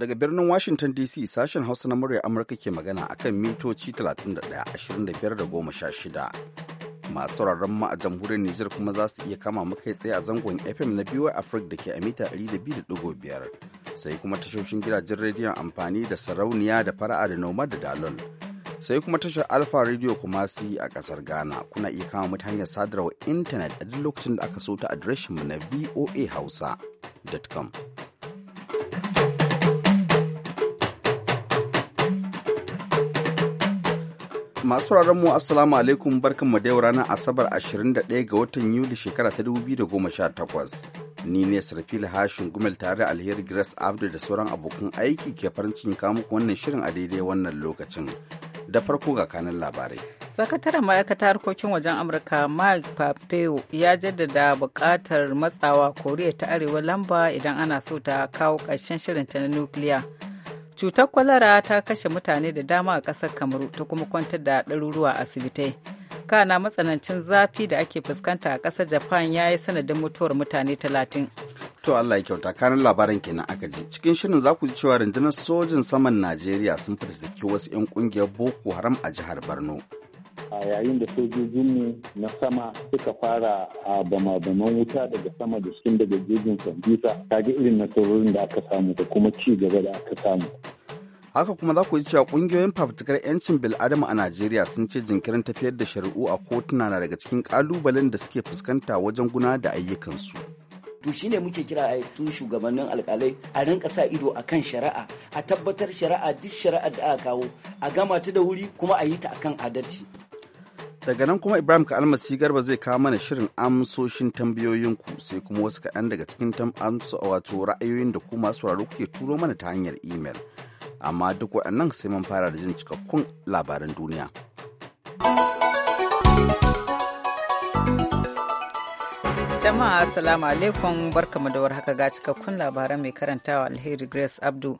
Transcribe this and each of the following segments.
Daga birnin Washington DC sashen Hausa na murya Amurka ke magana a kan mitoci 31-25-16. Masu sauraron ma a jamhuriyar Nijar kuma za su iya kama mu kai tsaye a zangon FM na BY Africa da ke a mita 200.5. Sai kuma tashoshin gidajen rediyon amfani da sarauniya da fara'a da noma da dalol. sai kuma tashar alpha radio kumasi a kasar ghana kuna iya kama mu hanyar sadarwar intanet a duk lokacin da aka so ta adireshin mu na voa hausa.com masu mu assalamu alaikum barkan mu da yau ranar asabar 21 ga watan yuli shekara ta 2018 ni ne sarfil hashin gumel tare da alheri grace abdu da sauran abokan aiki ke farin cikin muku wannan shirin a daidai wannan lokacin da farko ga kanan labarai sakataren ma'aikata harkokin wajen amurka mike pompeo ya jaddada buƙatar matsawa koriya ta arewa lamba idan ana so ta kawo ƙarshen shirinta na nukiliya cutar kwalara ta kashe mutane da dama a ƙasar kamaru ta kuma kwantar da ɗaruruwa a asibitai kana matsanancin zafi da ake fuskanta a ƙasar japan ya yi sanadin mutuwar mutane talatin to allah ya kyauta kanin labaran kenan aka ji cikin shirin za ku ji cewa rundunar sojin saman najeriya sun fitattaki wasu 'yan ƙungiyar boko haram a jihar borno a yayin da ne na sama suka fara a bama-baman wuta daga sama da cikin daga kwamfuta ta kaga irin nasarorin da aka samu da kuma ci gaba da aka samu haka kuma za ku ji cewa ƙungiyoyin fafutukar 'yancin bil'adama a najeriya sun ce jinkirin tafiyar da shari'u a kotuna na daga cikin ƙalubalen da suke fuskanta wajen guna da ayyukansu to shine muke kira a tun shugabannin alkalai a rinka sa ido a kan shari'a a tabbatar shari'a duk shari'a da aka kawo a gama ta da wuri kuma a yi ta akan adalci Daga nan kuma Ibrahim Kalmasi Garba zai kawo mana shirin amsoshin tambayoyinku sai kuma wasu kaɗan daga cikin a wato ra'ayoyin da ku masu sauraro kuke turo mana ta hanyar imel. Amma duk waɗannan sai mun fara da jin cikakkun labaran duniya. Jama'a Assalamu alaikum barkamu da haka ga cikakkun labaran mai karantawa Alheri Grace Abdu.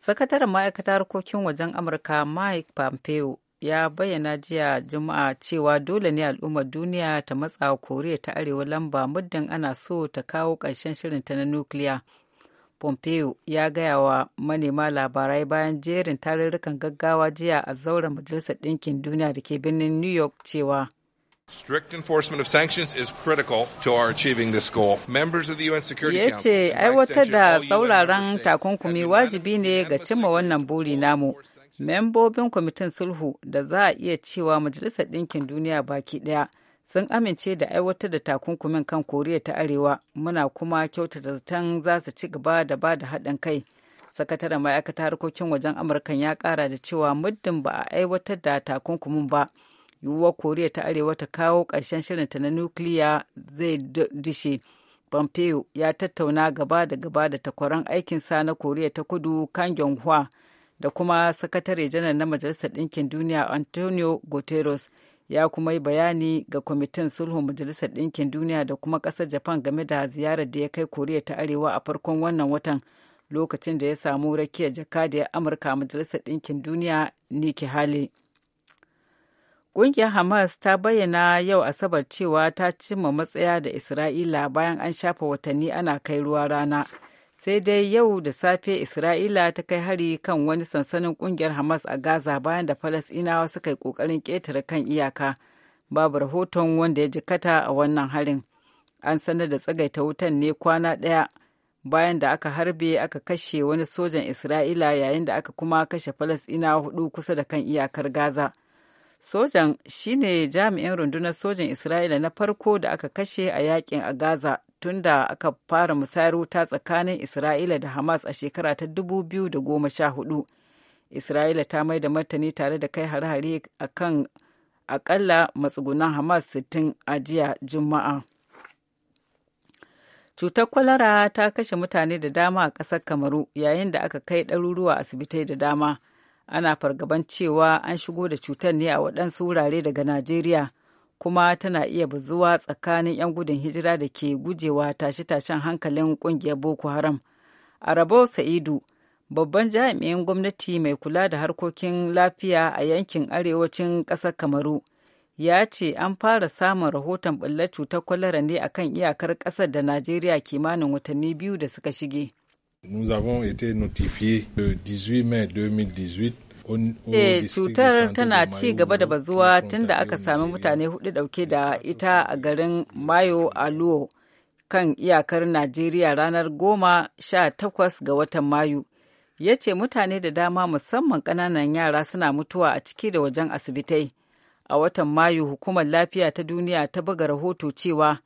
sakataren ma'aikatar harkokin wajen amurka mike pompeo ya bayyana jiya Juma'a cewa dole ne al'ummar duniya ta matsa Koriya ta Arewa lamba muddin ana so ta kawo ƙarshen ta na nukiliya. Pompeo ya gaya wa manema labarai bayan jerin tarurrukan gaggawa jiya a zauren Majalisar Ɗinkin Duniya da ke birnin New York cewa. Strict enforcement of sanctions is critical to our achieving this goal. Members of the UN Security Council. ce aiwatar da tsauraran takunkumi wajibi ne ga cimma wannan buri namu membobin kwamitin sulhu da za a iya cewa majalisar ɗinkin duniya baki ɗaya sun amince da aiwatar da takunkumin kan koriya ta arewa muna kuma kyautata zaton za su ci gaba da ba da haɗin kai sakataren ma'aikatar harkokin wajen amurkan ya ƙara da cewa muddin ba a aiwatar da takunkumin ba yiwuwar koriya ta arewa ta kawo ƙarshen shirinta na nukiliya zai dishe pompeo ya tattauna gaba da gaba da takwaran aikinsa na koriya ta kudu kan yonghwa da kuma sakatare janar na majalisar ɗinkin duniya antonio guterres ya kuma yi bayani ga kwamitin sulhun majalisar ɗinkin duniya da kuma ƙasar japan game da ziyarar da ya kai koriya ta arewa a farkon wannan watan lokacin da ya samu rakiyar jakadiyar amurka a majalisar ɗinkin duniya niki hali Ƙungiyar Hamas ta bayyana yau Asabar cewa ta cimma matsaya da Isra'ila bayan an shafa watanni ana kai ruwa rana. sai dai yau da safe isra'ila ta kai hari kan wani sansanin kungiyar hamas a gaza bayan da falasinawa suka yi kokarin ƙetare kan iyaka babu rahoton wanda ya jikata a wannan harin an sanar da tsagaita wutan ne kwana ɗaya bayan da aka harbe aka kashe wani sojan isra'ila yayin da aka kuma kashe falasinawa hudu kusa da kan iyakar gaza sojan shine jami'in rundunar sojan isra'ila na farko da aka kashe a yakin a gaza tun da aka fara musayar wuta tsakanin Isra'ila da Hamas a shekara ta 2014. Isra'ila ta mai da martani tare da kai hare-hare a kan akalla matsugunan Hamas sittin a jiya Juma'a. Cutar kwalara ta kashe mutane da dama a ƙasar Kamaru yayin da aka kai ɗaruruwa asibitai da dama. Ana fargaban cewa an shigo da cutar ne a waɗansu wurare daga Najeriya. kuma tana iya bazuwa tsakanin 'yan gudun hijira da ke gujewa tashe-tashen hankalin kungiyar boko haram arabo sa'idu babban jami'in gwamnati mai kula da harkokin lafiya a yankin arewacin ƙasar kamaru ya ce an fara samun rahoton ɓullar cutar kwalara ne akan iyakar ƙasar da najeriya kimanin watanni biyu da suka shige Nous avons été notifiés le 18 mai 2018 e cutar tana ci gaba da bazuwa tun da aka sami mutane hudu dauke da ita a garin Mayo Aluo kan iyakar Najeriya ranar goma sha takwas ga watan Mayu. Ya ce mutane da dama musamman kananan yara suna mutuwa a ciki da wajen asibitai. A watan Mayu hukumar lafiya ta duniya ta buga rahoto cewa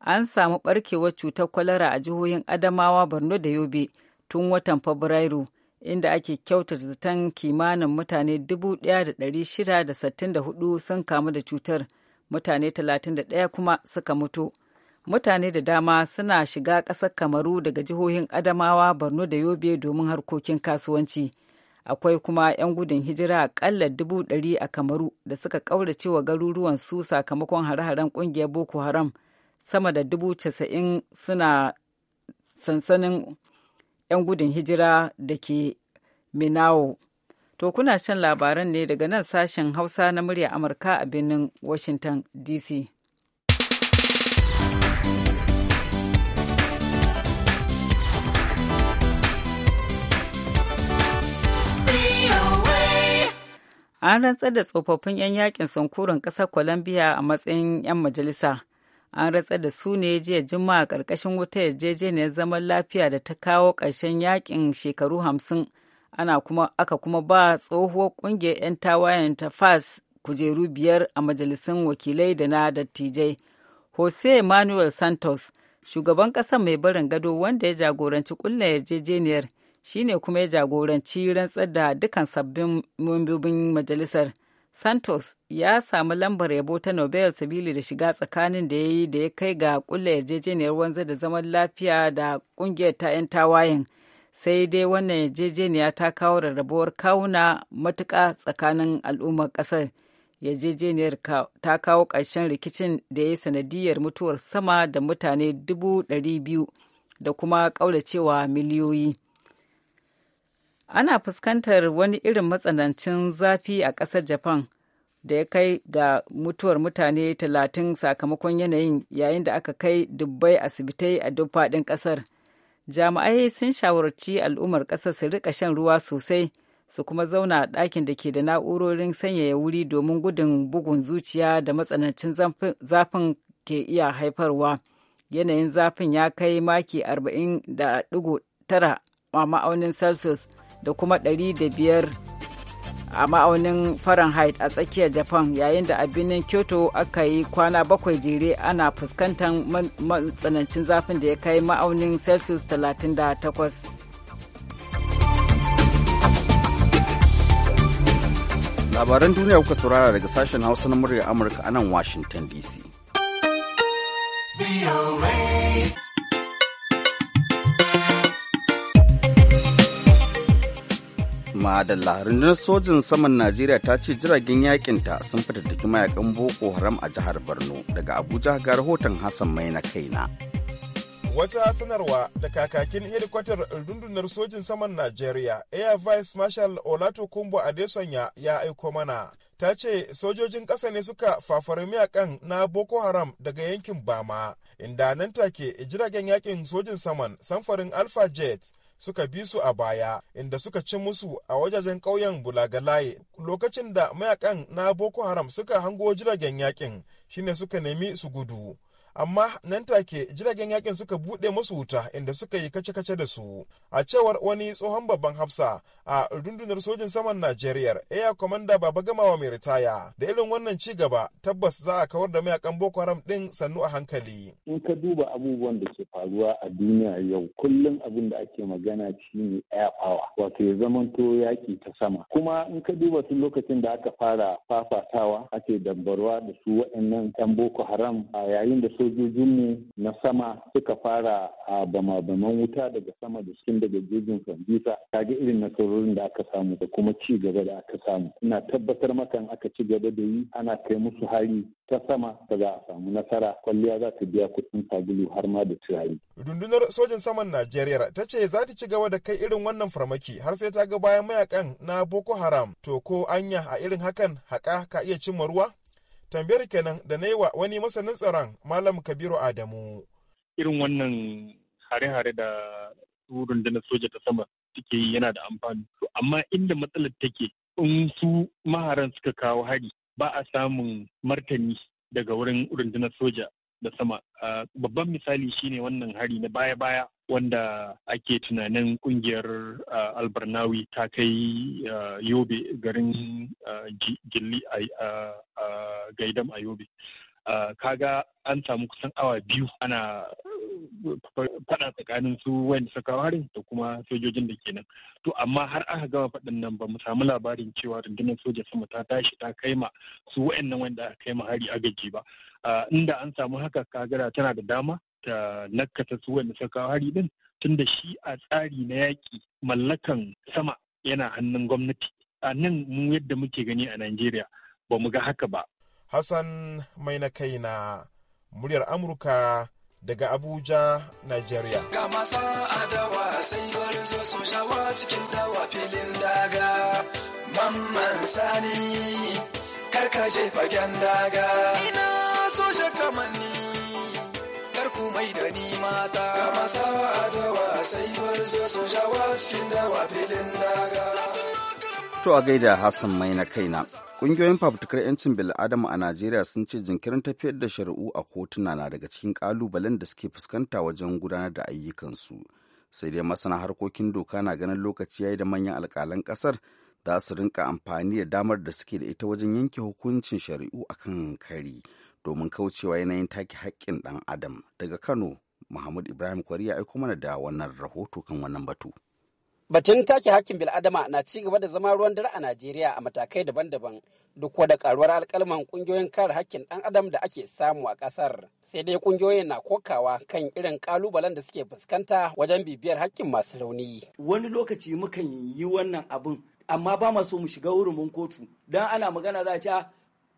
an samu barkewar cutar kwalara a jihohin Adamawa, Borno da Yobe tun watan Fabrairu. inda ake kyautar zaton kimanin mutane 1,664 sun kamu da cutar mutane 31 kuma suka mutu mutane da dama suna shiga ƙasar kamaru daga jihohin adamawa borno da yobe domin harkokin kasuwanci akwai kuma 'yan gudun hijira dubu 100 a kamaru da suka ƙaurace wa garuruwan su sakamakon hare-haren ƙungiyar boko haram sama da dubu casa'in suna sansanin 'yan gudun hijira da ke Minawo. To kuna shan labaran ne daga nan sashen Hausa na murya Amurka a birnin Washington DC. An rantsar da tsofaffin 'yan yakin sankurin ƙasar Colombia a matsayin 'yan majalisa. an ratsar da su ne jiya juma'a ƙarƙashin wata yarjejeniyar zaman lafiya da ta kawo ƙarshen yakin shekaru hamsin ana kuma aka kuma ba tsohuwar ƙungiyar 'yan tawayen ta fas kujeru biyar a majalisun wakilai da na dattijai jose manuel santos shugaban ƙasar mai barin gado wanda ya jagoranci ƙulla yarjejeniyar shine kuma ya jagoranci rantsar da dukkan sabbin membobin majalisar Santos ya samu lambar yabo ta Nobel sabili da shiga tsakanin da ya yi da ya kai ga kulla yarjejeniyar wanzar da zaman lafiya da kungiyar ta 'yan tawayen. Sai dai wannan yarjejeniya ta kawo rarrabuwar kawuna matuƙa tsakanin al'ummar ƙasar. Yarjejeniyar ta kawo ƙarshen rikicin da ya yi sanadiyar mutuwar sama da mutane dubu da kuma miliyoyi. ana fuskantar wani irin matsanancin zafi a ƙasar japan da ya kai ga mutuwar mutane 30 sakamakon yanayin yayin da aka kai dubbai asibitai a duk faɗin ƙasar jami'ai sun shawarci al'ummar ƙasar su rika shan ruwa sosai su kuma zauna a ɗakin da ke da na'urorin sanyaya wuri domin gudun bugun zuciya da matsanancin zafin ke iya haifarwa yanayin zafin ya kai maki 40.9 a ma'aunin celsius da kuma 105 a ma'aunin fahrenheit a tsakiyar japan yayin da a birnin kyoto aka yi kwana bakwai jere ana fuskantar matsanancin zafin da ya kai ma'aunin celsius 38 labaran duniya kuka saurara daga sashen hausa na murya amurka a nan washington dc Madalla rundunar sojin saman Najeriya ta ce jiragen yakinta sun fitattaki mayakan Boko Haram a jihar Borno daga Abuja ga rahoton Hassan mai na kaina. Wata sanarwa da kakakin hedikwatar rundunar sojin saman Najeriya Air Vice Marshal Olato Kumbo Adesanya ya aiko mana ta ce sojojin ƙasa ne suka fafari mayakan na Boko Haram daga yankin Bama inda nan take jiragen yakin sojin saman samfarin Alpha Jet suka bi su a baya inda suka ci musu a wajajen ƙauyen bulagalaye lokacin da mayakan na boko haram suka hango jiragen yakin shine suka nemi su gudu amma nan take jiragen yakin suka buɗe masu wuta inda suka yi kace-kace da su a cewar wani tsohon babban hafsa a rundunar sojin saman najeriya air commander baba gamawa mai ritaya da irin wannan ci gaba tabbas za a kawar da mayakan boko haram din sannu a hankali in ka duba abubuwan da ke faruwa a duniya yau kullum abin da ake magana shine air power wato ya zamanto yaki ta sama kuma in ka duba tun lokacin da aka fara fafatawa ake dambarwa da su waɗannan 'yan boko haram a yayin da su sojojinmu na sama suka fara a bama-baman wuta daga sama da cikin daga jejin sandisa ga irin nasarorin da aka samu da kuma ci gaba da aka samu ina tabbatar maka aka ci gaba da yi ana kai musu hari ta sama daga za a samu nasara kwalliya za ta biya kuɗin sabulu har ma da turare. rundunar sojin saman najeriya ta ce za ta ci gaba da kai irin wannan farmaki har sai ta ga bayan mayakan na boko haram to ko anya a irin hakan haƙa ka iya cimma ruwa. tambayar kenan da na yi wa wani masanin tsaron malam kabiru adamu irin wannan hare-hare da rundunar soja ta sama suke yi yana da amfani amma inda matsalar take in su maharan suka kawo hari ba a samun martani daga wurin rundunar soja da sama ah, babban misali shine wannan hari na baya-baya wanda ake tunanin kungiyar uh, albarnawi ta kai uh, yobe garin uh, gilli a gaidam a yobe kaga an samu kusan awa biyu ana fada tsakanin su wani suka harin da kuma sojojin da kenan to amma har aka gama faɗin nan ba mu samu labarin cewa rundunar soja sama ta tashi ta kaima su nan wanda aka ma hari a agaji ba inda an samu haka kagara tana da dama ta nakata su wanda suka kawo hari din tunda shi a tsari na yaƙi mallakan sama yana hannun gwamnati a nan mu yadda muke gani a Najeriya ba mu ga haka ba. Hassan mai na kai na muryar Amurka daga Abuja, Najeriya. Ga masa adawa sai zo su shawa cikin dawa filin daga mamman sani karka jefa daga. mai da ni mata kama sawa dawa sai barzo jawa cikin dawa filin daga to a gaida hassan mai na kaina Ƙungiyoyin fafutukar 'yancin bil'adama a Najeriya sun ce jinkirin tafiyar da shari'u a kotuna na daga cikin ƙalubalen da suke fuskanta wajen gudanar da ayyukansu. Sai dai masana harkokin doka na ganin lokaci yayi da manyan alƙalan ƙasar za su rinka amfani da damar da suke da ita wajen yanke hukuncin shari'u akan kari. domin kaucewa yanayin take hakkin ɗan adam daga kano muhammad ibrahim kwari ya aiko mana da wannan rahoto kan wannan batu Batun take hakkin bil'adama na ci gaba da zama ruwan dare a Najeriya a matakai daban-daban duk da karuwar alkalman kungiyoyin kare hakkin ɗan adam da ake samu a ƙasar. Sai dai kungiyoyin na kokawa kan irin kalubalen da suke fuskanta wajen bibiyar hakkin masu rauni. Wani lokaci mukan yi wannan abun amma ba mu shiga hurumin kotu dan ana magana za a ah,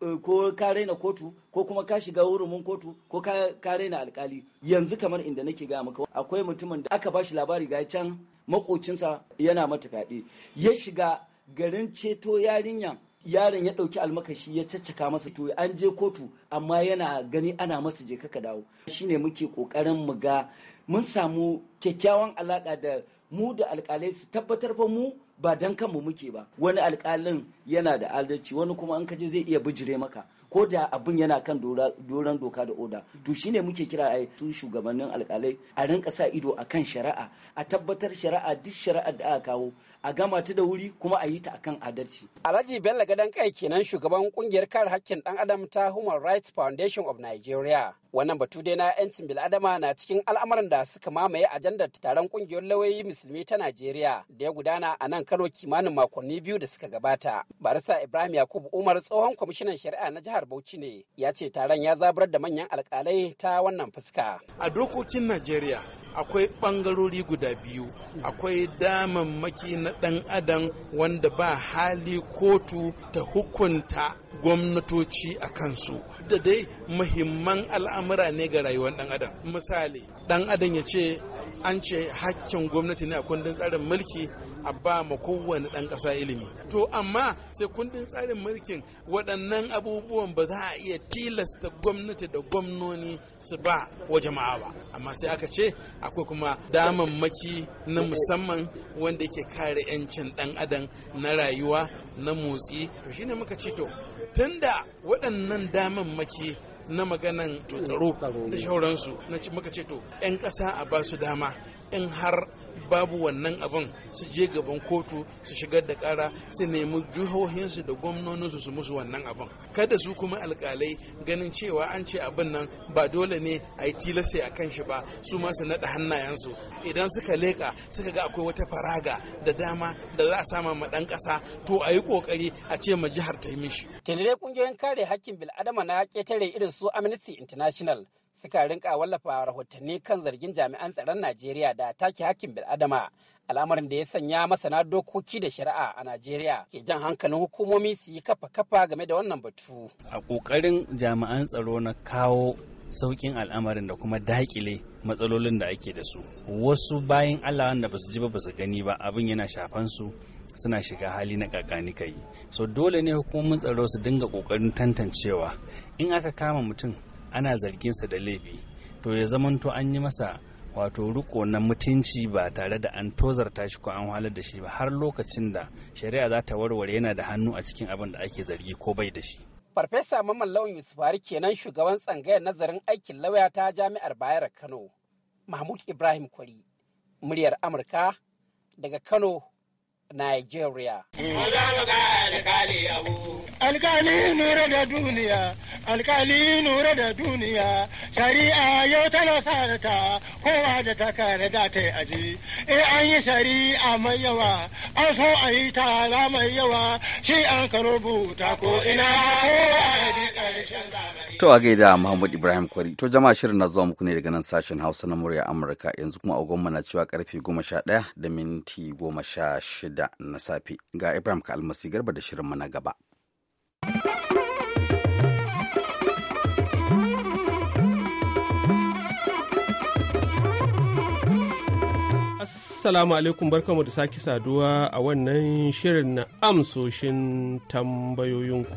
Eh, ko ka raina kotu ko kuma ka shiga hurumin kotu ko ka raina alkali yanzu kamar inda nake ga maka akwai mutumin da aka bashi labari ga can makocinsa yana mata fyaɗe ya shiga garin ceto yarinya. yaron ya ɗauki almakashi ya caccaka masa to an je kotu amma yana gani ana masa je ka dawo shine muke ƙoƙarin mu ga mun samu kyakkyawan alaƙa da mu da alƙalai su tabbatar fa mu ba dan kanmu muke ba wani alƙalin yana da adalci wani kuma an kaje zai iya bijire maka ko da abin yana kan doron doka da oda to shine muke kira a su shugabannin alkalai a rinka sa ido a kan shari'a a tabbatar shari'a duk shari'a da aka kawo a gama ta da wuri kuma a yi ta akan adalci alhaji bello gadan kai kenan shugaban kungiyar kare hakkin dan adam ta human rights foundation of nigeria wannan batu dai na yancin bil'adama na cikin al'amuran da suka mamaye ajandar taron kungiyar lauyoyi musulmi ta najeriya da ya gudana a nan kano kimanin makonni biyu da suka gabata barisa ibrahim yakubu umar tsohon kwamishinan shari'a na jihar jihar Bauchi ne ya ce taron ya zabar da manyan alkalai ta wannan fuska. A dokokin Najeriya akwai ɓangarori guda biyu akwai damammaki na ɗan adam wanda ba hali kotu ta hukunta gwamnatoci a kansu da dai muhimman al'amura ne ga rayuwar ɗan adam misali ɗan adam ya ce an ce hakkin gwamnati ne a kundin tsarin mulki a ba ma kowane ɗan ƙasa ilimi to amma sai kundin tsarin mulkin waɗannan abubuwan ba za a iya tilasta gwamnati da gwamnoni su ba wa jama'a ba amma sai aka ce akwai kuma damammaki na musamman wanda yake kare 'yancin ɗan adam na rayuwa na motsi to shi ne muka ce to tunda waɗannan damammaki na maganan tsaro da shauransu na muka ce to 'yan ƙasa a ba su dama in har babu wannan abin su je gaban kotu su shigar da kara su nemi jihohinsu da gwamnoninsu su musu wannan abin kada su kuma alkalai ganin cewa an ce abin nan ba dole ne a yi tilasta a kan shi ba su ma su naɗa hannayensu idan suka leƙa suka ga akwai wata faraga da dama da za a sama ma ɗan ƙasa to a yi ƙoƙari a ce ma jihar ta yi mishi. Tendere ƙungiyoyin kare hakkin bil'adama na ƙetare irin su Amnesty International suka rinka wallafa rahotanni kan zargin jami'an tsaron Najeriya da take hakkin bil'adama al'amarin da ya sanya masana dokoki da shari'a a Najeriya ke jan hankalin hukumomi su yi kafa-kafa game da wannan batu. A ƙoƙarin jami'an tsaro na kawo sauƙin al'amarin da kuma daƙile matsalolin da ake da su. Wasu bayan Allah wanda ba su ji ba ba su gani ba abin yana shafan su suna shiga hali na kakani kai. So dole ne hukumomin tsaro su dinga ƙoƙarin tantancewa. In aka kama mutum ana zargin sa da laifi to ya zamanto an yi masa wato riko na mutunci ba tare da an tozarta shi ko an halar da shi ba har lokacin da shari'a za ta warware yana da hannu a cikin abin da ake zargi ko bai da shi. Farfesa Mamman Lawan kenan shugaban tsangayar nazarin aikin lauya ta Jami'ar bayar Kano. Mahmud Ibrahim Kwari, muryar Amurka daga Kano, Nigeria. Alkali nura da duniya. alkali nura da duniya shari'a yau tana sa ta kowa da ta kare da ta aji eh an yi shari'a mai yawa an so a yi ta tara mai yawa shi an ka rubuta ko ina kowa da karshen zamani to a gaida Muhammad Ibrahim Kwari to jama'a shirin na zuwa muku ne daga nan sashen Hausa na murya Amurka yanzu kuma agonmu na cewa karfe 11 da minti 16 na safe ga Ibrahim ka almasi garba da shirin mana gaba. Assalamu alaikum barkamu da sake saduwa a wannan shirin na amsoshin tambayoyinku.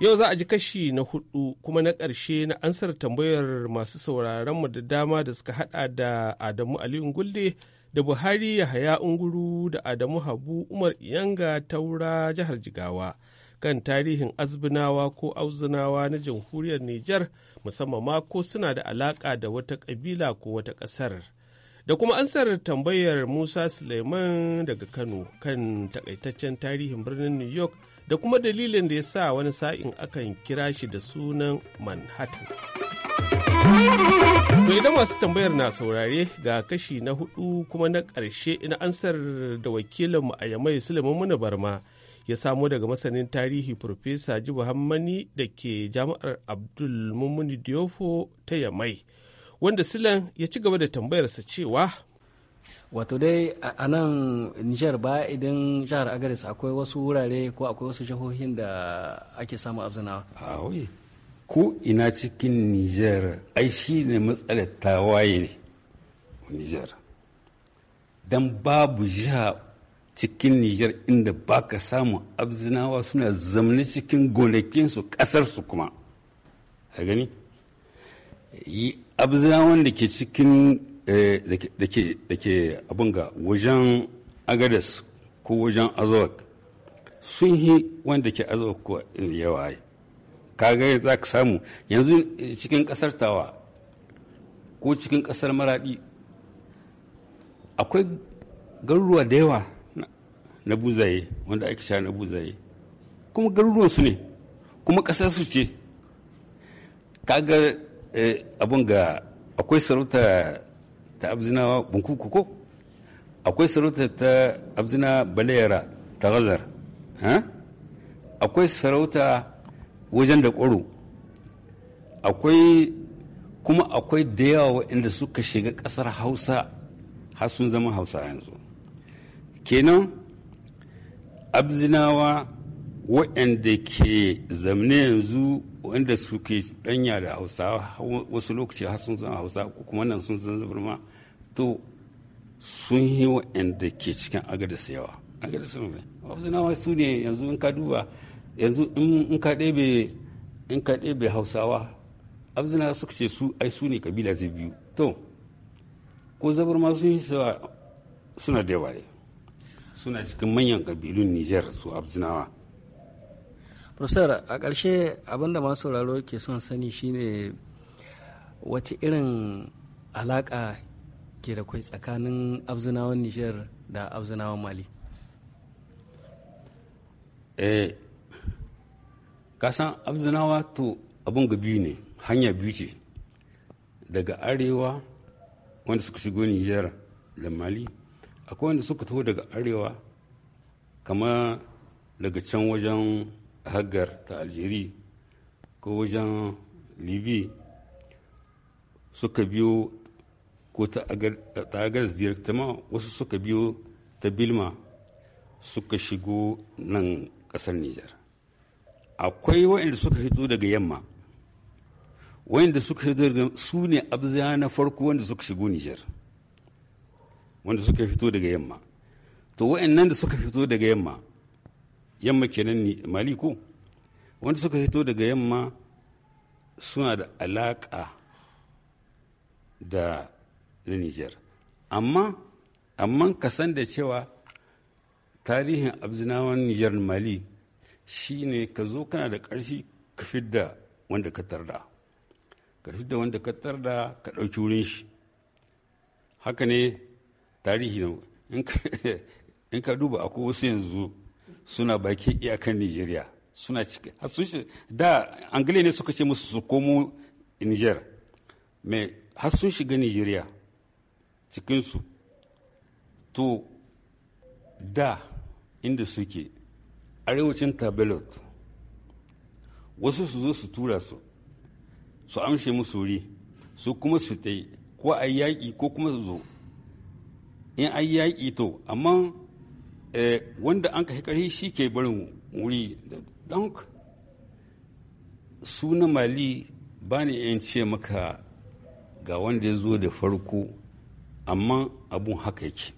Yau za a ji kashi na hudu kuma na ƙarshe na ansar tambayar masu mu da dama da suka hada da Adamu Aliyu Gulde da Buhari Yahaya Unguru da Adamu Habu Umar Iyanga Taura jihar Jigawa kan tarihin azbinawa ko auzunawa na jamhuriyar Nijar musamman ma ko suna da alaka da wata ƙabila ko wata ƙasar. da kuma ansar tambayar Musa Suleiman daga Kano kan takaitaccen tarihin birnin New York da kuma dalilin da ya sa wani sa'in akan kira shi da sunan Manhattan. To idan masu tambayar na saurare ga kashi na hudu kuma na karshe ina ansar da wakilinmu a Yamai Suleiman Muna Barma ya samo daga masanin tarihi Profesa Jibu Hammani da ke jami'ar Abdul Mumuni Diofo ta Yamai. wanda silan ya ci gaba da tambayarsa cewa wato dai a nan nijar ba idan jihar agaris akwai wasu wurare ko akwai wasu jihohin da ake samu abzinawa a ko ina cikin nijar ai shi ne matsalar tawaye ne nijar don babu jiha cikin nijar inda baka samu abzinawa suna zamani cikin gonakinsu kasarsu kuma a gani abzawan da ke cikin eh, da ke abin ga wajen agadas ko wajen azawak sun yi wanda ke azawak ko yawa kaga za ka samu yanzu eh, cikin kasar tawa ko cikin kasar maradi akwai garuruwa da yawa na buzaye wanda ake sha na buzaye kuma su ne kuma su ce kaga Eh, abin ga akwai sarauta ta abzina bunkuku ko akwai sarauta ta abzina balayara ta gazar akwai sarauta wajen da ƙwaro akwai kuma akwai da yawa waɗanda suka shiga ƙasar hausa har sun zama hausa yanzu kenan abzinawa waɗanda ke zamne yanzu waɗanda suke ɗanya da hausawa wasu lokaci har sun zama hausa kuma nan sun zan zabarma to sun yi waɗanda ke cikin agadas yawa agadas mai hausawa su ne yanzu in ka duba yanzu in ka ɗebe in ka ɗebe hausawa abzina suka ce su ai su ne kabila zai biyu to ko zabarma sun yi suna da yawa ne suna cikin manyan kabilun nijar su abzinawa professor a ƙarshe abinda masu sauraro ke son sani shine wace irin alaƙa ke da kwai tsakanin abzunawan nijar da abzunawan mali eh kasan abzunawa to abin ga biyu ne hanya biyu ce daga arewa wanda suka shigo nijar da mali akwai wanda suka taho daga arewa kama daga can wajen hagar ta aljeri ko wajen libi suka biyo ko ta agaris directement wasu suka biyo ta bilma suka shigo nan ƙasar nijar akwai waɗanda suka fito daga yamma waɗanda suka fito daga su ne abza na farko wanda suka shigo nijar wanda suka fito daga yamma to waɗannan da suka fito daga yamma yamma kenan mali ko wanda suka fito daga yamma suna da alaƙa da niger nijar amma amma ka san da cewa tarihin abzinawan nijar mali shine ka zo kana da ƙarfi ka fidda wanda ka tarda ka fidda wanda ka tarda ka ɗauki wurin shi haka ne tarihi na in ka duba akwai wasu yanzu suna baki iyakan Nigeria suna cike sun da Angile ne suka ce musu su komo Niger me har sun shiga Nigeria cikinsu to da inda suke arewacin tabelot wasu su zo su tura su su amshe musu wuri su kuma su tai ko a yaƙi ko kuma su zo in an yaƙi to amma Eh, wanda an ka hikari shi ke barin wuri don suna mali ba ni yan ce maka ga wanda ya zo da farko amma abun haka yake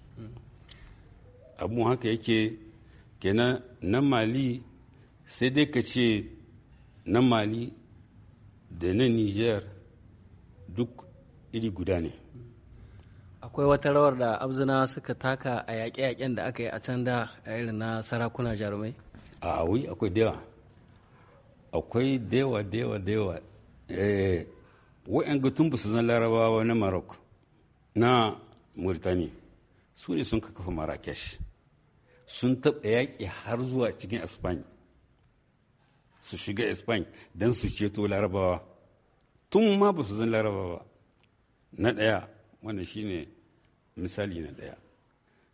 abun haka yake kenan na mali sai dai ka ce na mali da na niger duk iri guda ne akwai wata rawar da abzina suka taka a yaƙe-yaƙen da aka yi a can da a irin na sarakuna jarumai a wai akwai dewa akwai dewa dewa dewa eh, wa'yan gutun ba su zan larabawa na marok na murtani su ne sun kafa marrakesh sun taɓa yaƙi har zuwa cikin espanya su shiga espanya don su ceto larabawa tun ma ba su zan larabawa na ɗaya wanda shine misali na ɗaya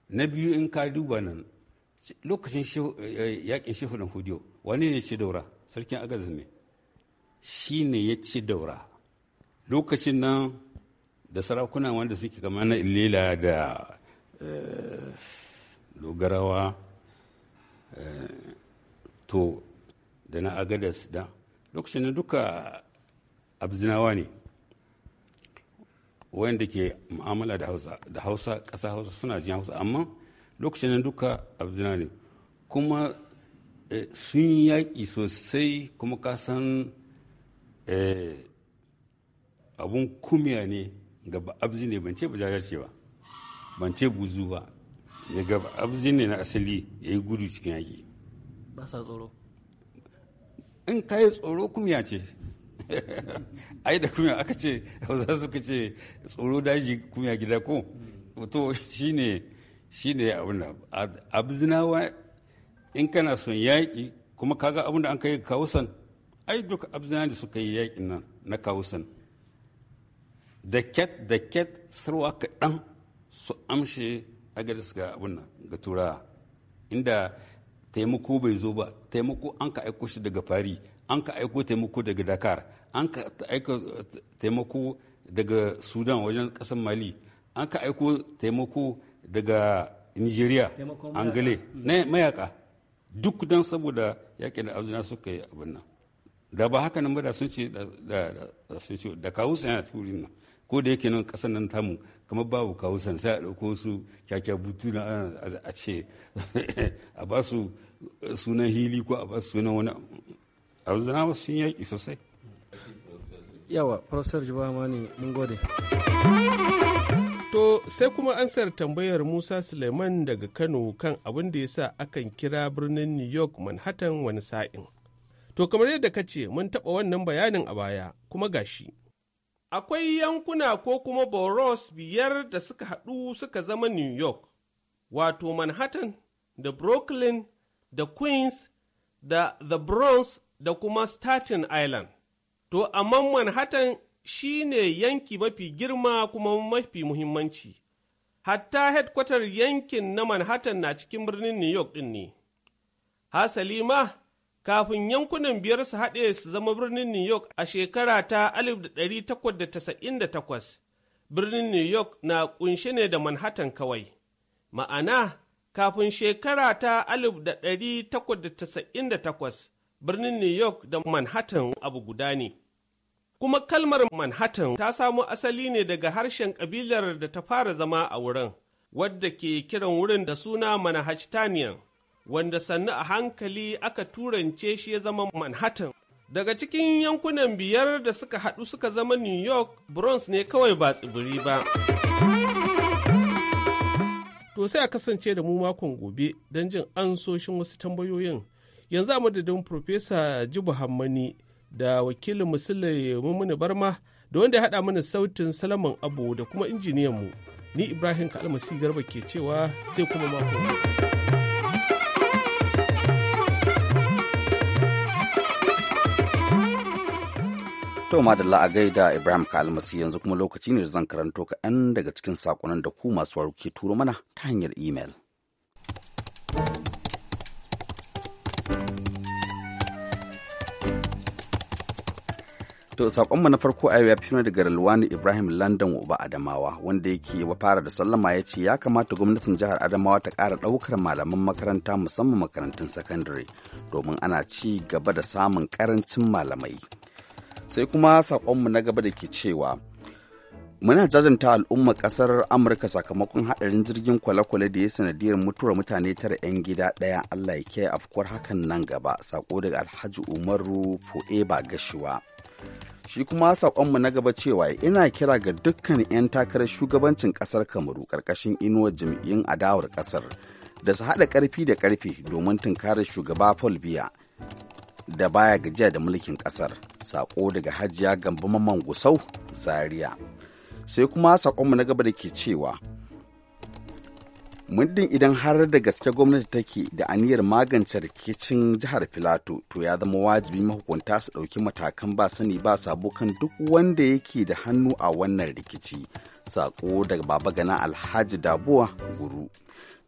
na biyu in ka duba nan lokacin eh, yakin shehu na hudiyo wane ne ce daura sarkin agazin ne shi ne ya ci daura lokacin nan da sarakuna wanda suke kama na ilila da dogarawa eh, eh, to da na agadas da lokacin nan duka abzinawa ne wanda ke mu'amala da hausa da hausa ƙasa hausa suna jin hausa amma lokacin nan duka abzina ne kuma eh, sun yaƙi sosai kuma ka san eh, abun kumiya ne ga abzi ne ban ce ba jajarce ba ban ce buzu ba ne ga abzi ne na asali ya yi gudu cikin yaƙi ba sa tsoro in ka yi tsoro kumiya ce ai da kunya aka ce za su ce tsoro daji kunya gida ko to shine shine abin da abzinawa in kana son yaƙi kuma kaga abin da an kai kawusan ai duk abzina da suka yi yaƙin nan na kawusan da ket da ket sarwa kaɗan su amshe agadis ga abin nan ga turawa inda taimako bai zo ba taimako an ka aiko shi daga fari an ka aiko taimako daga dakar an ka aika taimako daga sudan wajen kasar mali an ka aiko taimako daga nigeria angale na mayaka duk don saboda yakin da su suka yi abin nan da ba haka nan ba da sun ce da kawo yana turi nan ko da yake nan kasan nan tamu kamar babu kawo san sai a ɗauko su kyakkyar butu na a ce a ba su sunan hili ko a ba su sunan wani abu zana sun yaƙi sosai yawa professor ma ne mun gode To sai kuma ansar tambayar Musa Suleiman daga Kano kan abin da ya sa akan kira birnin New York Manhattan wani sa'in. To kamar yadda ka ce mun taɓa wannan bayanin a baya kuma gashi. Akwai yankuna ko kuma boros biyar da suka haɗu suka zama New York, wato Manhattan da Brooklyn da Queens da The Bronx da kuma Staten Island. to amma Manhattan shi ne yanki mafi girma kuma mafi muhimmanci. Hatta headquarter yankin na Manhattan na cikin birnin New York ɗin ne. Hasali ma, kafin yankunan biyar su haɗe su zama birnin New York a shekara ta 1898, birnin New York na ƙunshe ne da Manhattan kawai. Ma'ana, kafin shekara ta 1898, birnin New York da Manhattan abu guda ne. kuma kalmar Manhattan ta samo asali ne daga harshen kabilar da ta fara zama a wurin, wadda ke kiran wurin da suna Manhattanian, wanda sannu a hankali aka turance shi ya zama Manhattan. Daga cikin yankunan biyar da suka haɗu suka zama New York, Bronx ne kawai ba tsibiri ba. To sai a kasance da mu makon gobe don jin ansoshin wasu tambayoyin. Yanzu a madadin Profesa Jibu Hammani. da wakilin musulle mummuni barma da wanda ya haɗa mana sautin salaman abu da kuma mu ni ibrahim kalmasi garba ke cewa sai kuma mako To madalla a gaida Ibrahim Kalmasi yanzu kuma lokaci ne da zan karanto kaɗan daga cikin saƙonan da ku masu ke turo mana ta hanyar imel. To sakonmu na farko a ya fito daga Rilwani Ibrahim landan Uba Adamawa wanda yake wa fara da sallama ya ce ya kamata gwamnatin jihar Adamawa ta ƙara ɗaukar malaman makaranta musamman makarantun sakandare domin ana ci gaba da samun ƙarancin malamai. Sai kuma sakonmu na gaba da ke cewa muna jajanta al'ummar ƙasar amurka sakamakon haɗarin jirgin kwale-kwale da ya sanadiyar mutuwar mutane tara 'yan gida ɗaya allah ya kiyaye afkuwar hakan nan gaba sako daga alhaji umaru fueba gashuwa shi kuma saƙonmu na gaba cewa ina kira ga dukkan 'yan takarar shugabancin ƙasar kamaru ƙarƙashin inuwar jam'iyyun adawar ƙasar da su haɗa ƙarfi da ƙarfi domin tunkarar shugaba paul biya da baya gajiya da mulkin ƙasar saƙo daga hajiya gambo mamman gusau zaria sai kuma saƙonmu na gaba da ke cewa muddin idan har da gaske gwamnati take da aniyar magance rikicin jihar filato to ya zama wajibi mahukunta su ɗauki matakan ba sani ba sabo kan duk wanda yake da hannu a wannan rikici sako daga baba gana alhaji dabuwa guru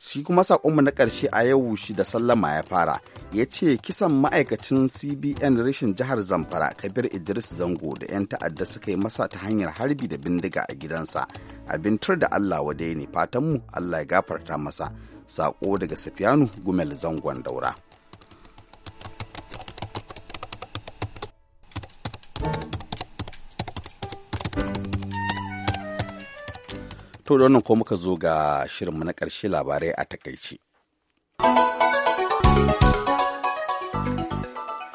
shi kuma sakonmu na ƙarshe a yau shi da sallama ya fara ya ce kisan ma'aikacin cbn rashin jihar zamfara kabir idris zango da 'yan ta'adda suka yi masa ta hanyar harbi da bindiga a gidansa abintar da allah wadai ne fatanmu allah ya gafarta masa sako daga safiyanu gumel zangon daura to da wannan ko muka zo ga shirinmu na ƙarshe labarai a takaici.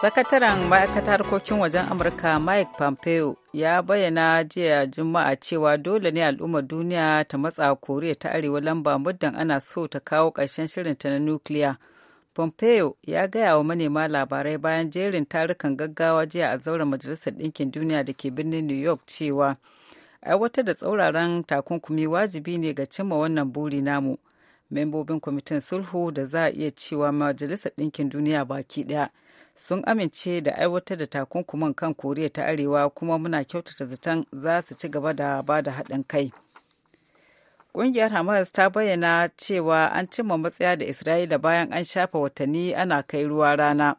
Sakataren ma'aikatar harkokin wajen Amurka Mike Pompeo ya bayyana jiya Juma'a cewa dole ne al'ummar duniya ta matsa Koriya ta Arewa lamba muddin ana so ta kawo ƙarshen shirinta na nukiliya. Pompeo ya gaya wa manema labarai bayan jerin tarukan gaggawa jiya a zauren Majalisar Ɗinkin Duniya da ke birnin New York cewa aiwatar da tsauraran takunkumi wajibi ne ga cimma wannan buri namu membobin kwamitin sulhu da za a iya cewa majalisar ɗinkin duniya baki ɗaya sun amince da aiwatar da takunkuman kan koriya ta arewa kuma muna kyautata zaton za su ci gaba da ba da haɗin kai ƙungiyar hamas ta bayyana cewa an cimma matsaya da isra'ila bayan an shafa watanni ana kai ruwa rana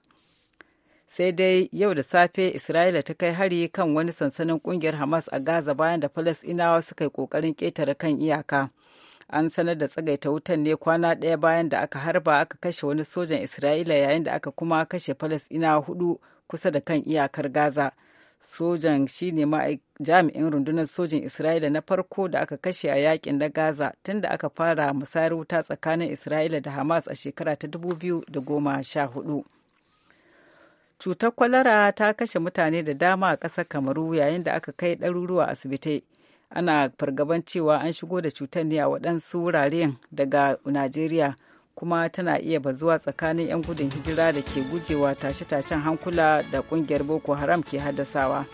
sai dai yau da safe isra'ila ta kai hari kan wani sansanin kungiyar hamas a gaza bayan da falasɗinawa suka yi ƙoƙarin ƙetare kan iyaka an sanar da tsagaita wutan ne kwana ɗaya bayan da aka harba aka kashe wani sojan isra'ila yayin da aka kuma kashe falasɗinawa hudu kusa da kan iyakar gaza sojan shine jami'in rundunar sojan isra'ila na farko da aka kashe a yakin na gaza tun da aka fara musayar wuta tsakanin isra'ila da hamas a shekara ta 2014 cutar kwalara ta kashe mutane da dama a ƙasar kamaru yayin da aka kai ɗaruruwa asibitai ana fargaban cewa an shigo da cutar ne a waɗansu wuraren daga najeriya kuma tana iya bazuwa tsakanin 'yan gudun hijira da ke gujewa tashe-tashen hankula da ƙungiyar boko haram ke haddasawa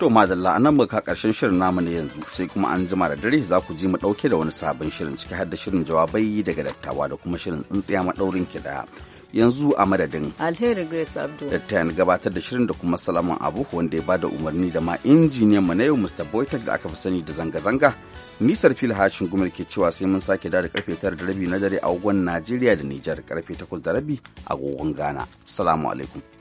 To madalla anan muka karshen shirin namu ne yanzu sai kuma an jima da dare za ku ji mu dauke da wani sabon shirin ciki har da shirin jawabai daga dattawa da kuma shirin tsintsiya madaurin ki daya. yanzu a madadin alheri grace abdu dattayan gabatar da shirin da kuma salaman abu wanda ya bada umarni da ma injiniyan mu na yau mr boytek da aka fi sani da zanga-zanga nisar fil hashin gumar ke cewa sai mun sake da karfe tara da rabi na dare a agogon najeriya da nijar karfe takwas da rabi a agogon ghana salamu alaikum